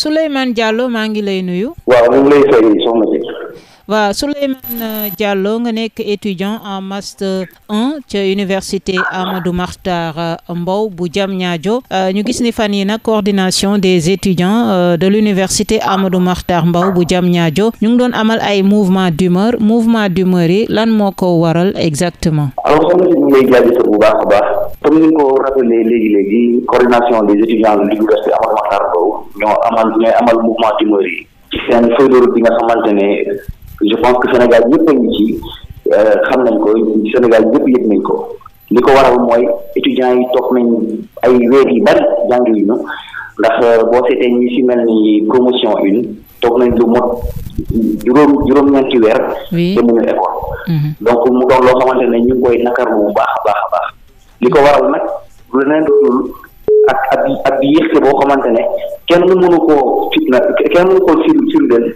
Souleymane Diallo maa ngi lay nuyu. waaw ñu ngi lay fay soxna si. waaw Souleymane euh, Diallo nga nekk étudiant en master 1 ca université Amadou Mahtar euh, Mbow bu Diamniadio euh, ñu gis ni fan yi nag coordination des étudiants de l'université Amadou Mahtar mbaw bu Diamniadio ñu ngi doon amal ay mouvement d'humeur mouvement d'humeur yi lan moo ko waral exactement alors soxna si ñu lay jaajëfal bu baax a baax comme ni ko rappelé léegi-léegi coordination des étudiants de l'université Amadou Mahtar Mbow ñoo amal mouvement d'humeur je pense que Sénégal yëpp a ngi ci euh, xam nañ ko Sénégal yëpp yëg nañ ko li ko waral mooy étudiants yi toog nañ ay weer yi bari jàng yu ñu ndax euh, boo seetee ñi si mel ni promotion une toog nañ lu mot juróom juróom-ñeenti weer demuñu école mhm. donc mu doon loo xamante ne koy nakarlu bu baax a baax a baax li ko waral nag lu leneen dootul ak ak ak yéexte boo xamante ne kenn mënu koo fitna kenn mënu koo fir firndeel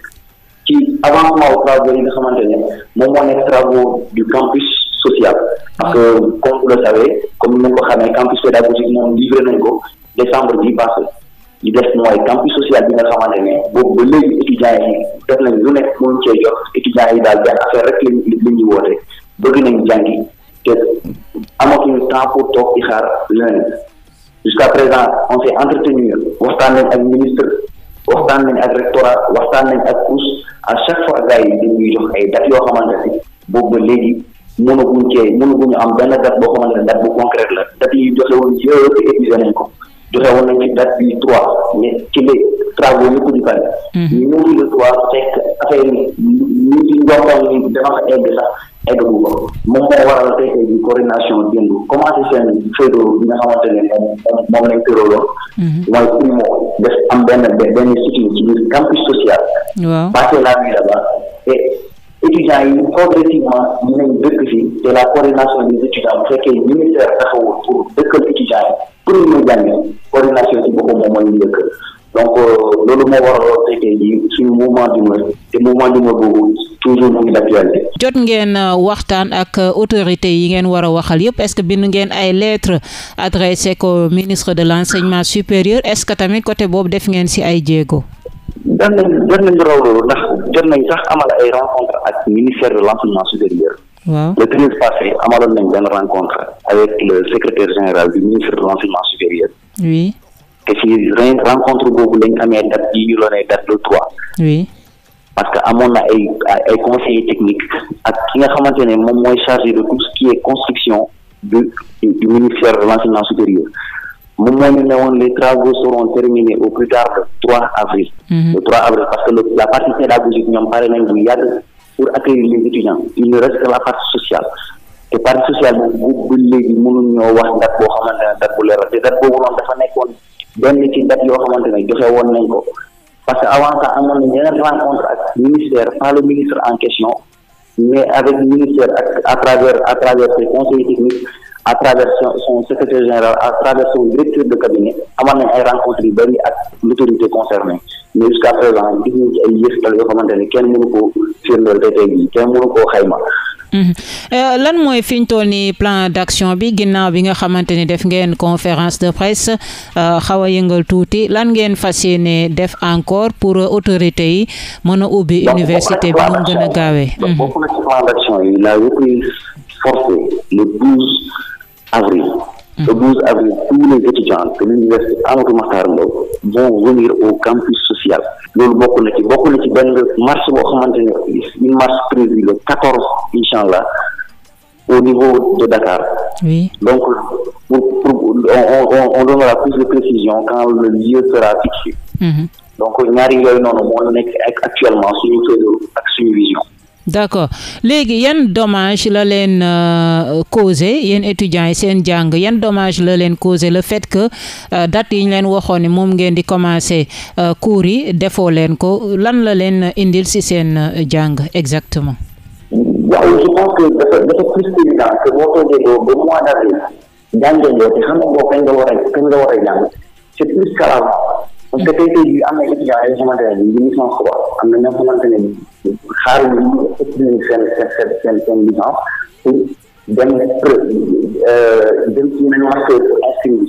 avancement aux travaux yi nga xamante ne moom moo nekk du campus social. parce que comme vous le comme ni ko xamee campus pédagogique moom livré nañ ko décembre bii passé li des mooy campus social bi nga xamante ne boobu ba léegi étudiants yi def nañ lu nekk mënuñ cee jox étudiants yi daal benn affaire rek lañ li ñuy woote bëgg nañ jàngi te amatuñu temps pour toog di xaar leneen jusqu'à présent on s'est entretenu waxtaan nañ ak ministre. waxtaan nañ ak rectorat waxtaan nañ ak COUS à chaque fois gars yi dañuy jox ay dates yoo xamante ne boobu ba léegi mënaguñ cee mënaguñu am benn date boo xamante ne date bu concrète la date yi joxe woon yëpp épuisé nañ ko joxe woon nañ ci date bi trois mais ci les travaux yëpp di pare. ñu mhm. ñëw trois fekk affaire yi ñu ñu ci njortoon ni dafa sax. eggagu ko moom moo waral tey tey bi coordination démb commencé seen fédéo bi nga xamante ne moom moom lañ tëraloon mhm. mooy pour mu def am benn benn sitting ci biir campus social passer la nuit là-bas et étudiants yi progressivement ñu nañ dëkk fi te la coordination des étudiants bu fekkee ministère taxawul pour dëkkal étudiants yi pour ñu ñu jànge coordination ci boppam moom mooy ñu dëkkal donc euh, loolu moo waraloon tey tey jii suñu mouvement d'humeur te mouvement d'humeur boobu toujours mu ngi d'actualité. jot ngeen euh, waxtaan ak euh, autorités yi ngeen war a waxal yépp est-ce que bind ngeen ay lettres adressées ko ministre de l'enseignement supérieur est-ce que tamit côté boobu def ngeen ci ay jéego. jot nañ nañ raw loolu ndax jot nañ tax amal ay rencontre ak ministère de l'enseignement supérieur. waaw le treize passé amaloon nañ benn rencontre avec le secrétaire te ci rencontre boobu lañ amee date yi ñu doonee date le trois. oui parce que amoon na ay ay conseillers techniques ak ki nga xamante ne moom mooy chargé de tout ce qui est construction du du ministère de l'enseignement supérieur moom moo ñu ne woon les travaux seront terminés au plus tard le trois avril. Mhm. parce que la partie pédagogique ñoom pare nañ bu yàgg pour accueillir les étudiants il ne reste la partie sociale. te partie sociale boobu bu léegi mënuñ ñoo wax date boo xamante benn ci date yoo xamante ne joxe woon nañ ko parce que avant ça amoon nañ yeneen rencontre ak ministère pas le ministre en question mais avec ministère ak à travers à travers ses conseils techniques à travers son secrétaire général à travers son directeur de cabinet amoon nañ ay rencontre yu bëri ak l'autorité concernée mais jusqu'à présent gis yoo xamante ne kenn mënu koo firndeel tey tey kenn mënu koo xayma Mhm. Euh, lan mooy fi ñu toll nii plan d'action bi ginnaaw bi nga xamante ni def ngeen conférence de presse euh, xaw a yëngal tuuti lan ngeen fas yéene def encore pour autorité yi mën a ubbi université bi mu gën a gaawee. le 12 avril tous les étudiants de l'université Amadou Mahtar Mbow vont venir au campus social loolu bokk na ci bokk na ci benn marche boo xamante ne une marche prévue le 14 incha allah au niveau de Dakar. oui donc pour pour on on on donnera plus de précision quand le lieu sera fixé. Mhm. donc ñaari yooyu noonu moo nekk actuellement suñu feuille ak suñu vision. d' accord léegi yan dommage la leen euh, causé yéen étudiants yi seen jàng yan domage la leen causé le fait que euh, date yi leen waxoon ni moom ngeen di commencé euh, yi defoo leen ko lan la leen indil si seen euh, jàng exactement. waaw je pense que dafa dafa plus évident que boo toogee ba mois d' nga jàng c' est plus grave parce que tey tey jii am na étudiants yoo xamante ne bii licence 3 am na ñoo xamante obtenir seen seen seen seen licence pour dem dem ci yeneen marché pour inscrire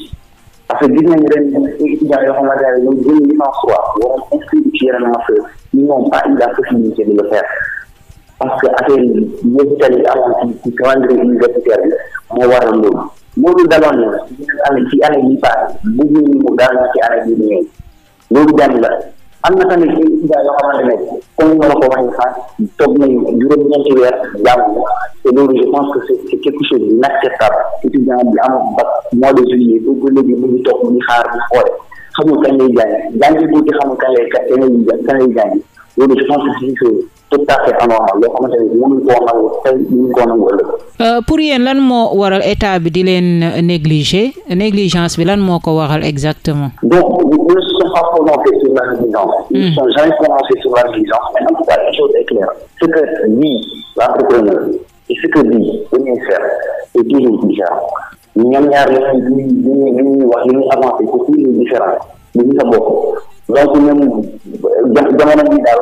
parce que gis nañu ren étudiants yoo xamante ne ñoom jël licence trois waroon parce que affaire yi yëpp yi amoon ci calendrier universitaire bi moo waral loolu loolu daloon na ci année yi passé bu ñu mu daal ci année bi ñëw loolu benn la am na tamit ay étudiants yoo xamante ne comme ni ma la ko waxee sax toog nañu juróom-ñeenti weer jàmm te loolu je pense que c'est quelque chose d'inacceptable étudiant bi am bac mois de juillet ba ba léegi mu ngi toog mu xaar mu xoole xamul kañ lay jàng jàngi guddi xamul kañ lay kañ lay jàng loolu je pense que tout à fait anormal loo xamante ni mënuñ koo nangu tey mënuñ koo nangu ëllëg. Euh, pour yéen lan moo waral état bi di leen euh, négliger négligence bi lan moo ko waral exactement. donc ils ne sont pas prononcés sur la négligence. ils hmm. ne sont jamais prononcés sur la négligence mais en tout cas une chose est claire. ce que dit l'entrepreneur et ce que dit le ministère est toujours différent ñoom ñaar lañuy li ñuy daal.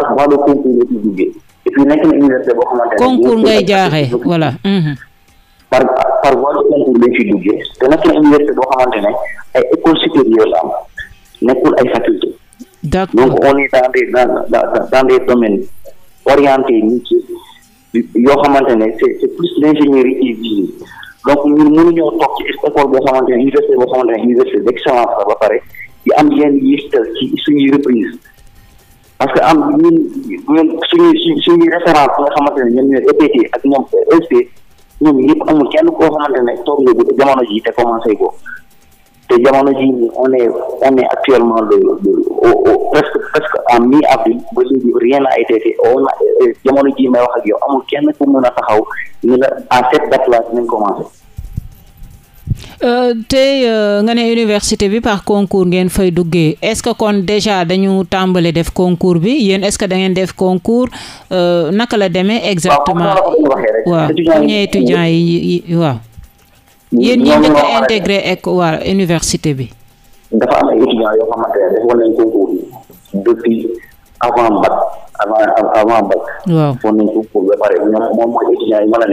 par voie de concours la ci duggee et puis nekk na université boo xamante ne concours ngay jaaxee voilà mhm. par par concours lañ ci duggee te nekk université boo xamante ne ay école supérieure la am nekkul ay faculté donc on est dans des dans dans dans yoo xamante c'est c'est plus l'ingénierie qui vise donc ñun mënuñoo toog ci école boo xamante université boo xamante université d'excellence la ba pare di am yenn yéextal ci suñuy reprise parce que am ñun ñun suñuy suñuy référence bi nga xamante ne ñoom ñooy EPT ak ñoom e SP ñoom ñëpp amul kenn koo xamante ne toog nga bu jamono ji te commencé ko te jamono ji on est actuellement le le presque presque en mi avril ba léegi rien n'a été fait on a euh, jamono ji may wax ak yow amul kenn ku mën a taxaw ni la à set date là dinañ commencé. Euh, tey euh, nga ne université bi par concours ngeen fay duggee est-ce que kon déjà dañu tàmbale def concours bi yéen est-ce que dangeen def concours euh, naka la demee exactement waaw premier yi waaw yéen a intégré ek waa université bi dafa am ay yoo xamante ne defoon nañ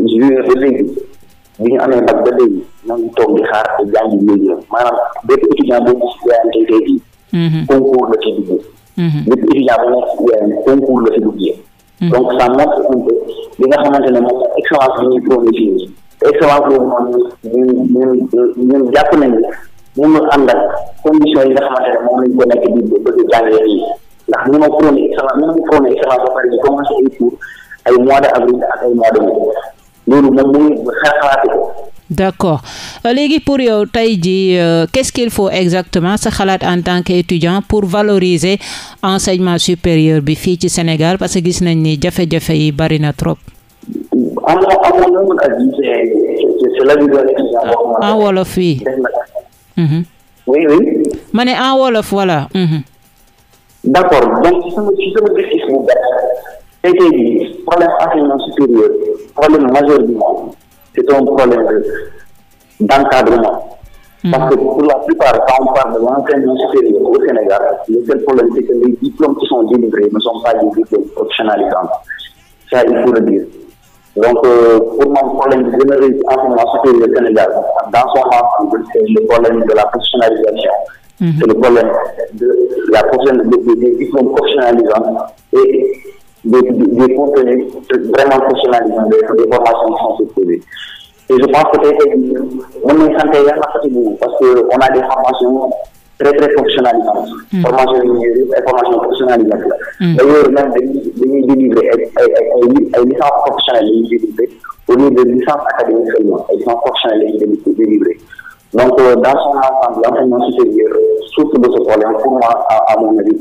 waaw bi ñu amee nag ba léegi ñoo ngi toog di xaar te jàngi léegi maanaam bépp étudiant boo gis wayante tey jii mhm. concours la ci duggee mhm. mhm. donc ça montre un peu li nga xamante ne moom excellence bi ñuy prôné fii te excellence boobu noonu ñun ñun yi nga xamante ne moom lañ ko nekk di bëgg jàngee nii ndax ni ma prôné excellence ni ma prôné excellence ba pare ñu commencé ay cours ay mois de avril ak ay mois de mai loolu moom mënuñu euh, léegi pour yow tey jii euh, qu'est-ce qu'il faut exactement sa xalaat en tant qu'étudiant pour valoriser enseignement supérieur bi fii ci Sénégal parce que gis nañ ni jafe-jafe yi bari na trop. am na am na mën en wolof oui. Mhm. oui en wolof voilà. Mhm. tey tey jii problème enseignement supérieur problème majeur bi moom c' est un problème d' mm-hmm. la plupart quand on de l'enseignement supérieur au Sénégal le seul problème c' est les diplômes qui sont délivrés ne sont pas des diplômes professionnalisants ça il faut le dire donc euh, pour man problème bi gën a rëy enseignement supérieur Sénégal dans son ensemble c' est le problème de la professionnalisation mm le problème de la profession des des, des, contenus vraiment professionnalisants des, des formations qui sont proposées. Et je pense que on a santé parce qu'on a des formations très très professionnalisantes. Mm. Formation et formation professionnalisante. Mm. D'ailleurs, même de délivrer une licence professionnelle a au lieu de licence académique seulement, une licence professionnelle délivrée. Donc, euh, dans son ensemble, l'enseignement supérieur souffre de ce problème pour moi, à, à mon avis.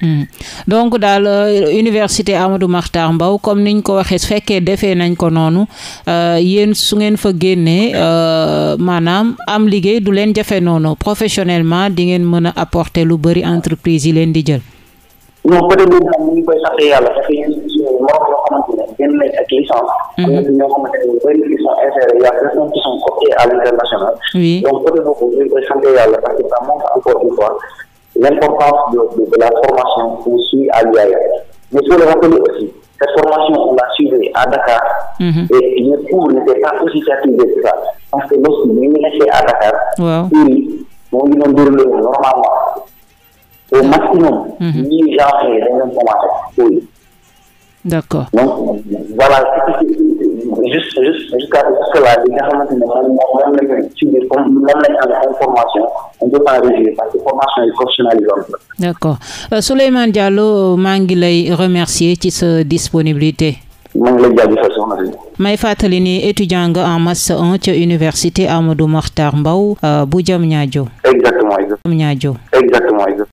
Mmh. donc daal euh, université Amadou Mahtar mbaw comme niñ ko waxee fekkee defee nañ ko noonu euh, yéen su ngeen fa génnee euh, maanaam am liggéey du leen jafe noonu professionnellement di ngeen mën a apporter lu bëri entreprise yi leen di jël. yàlla l'importance de, de, de, la formation qu'on suit à l'UAE. Mais il faut le rappeler aussi, cette formation, on l'a suivie a Dakar mm -hmm. et les cours n'étaient pas aussi satisfaits que ça. Parce que lorsque l'université à Dakar, wow. ils vont nous donner normalement au mhm. maximum mm -hmm. 10 janvier, les mêmes formations. Oui. D'accord. Donc, voilà, juste, juste, jusqu'à jusqu là, les gens qui ont même suivi comme information. ne peut pas maa ngi lay remercier ci sa disponibilité. maa may fàttali ni étudiant nga en master université ca université Amadou Mahtar euh, bu Diamniadio. exactement exactement. Diamniadio. exactement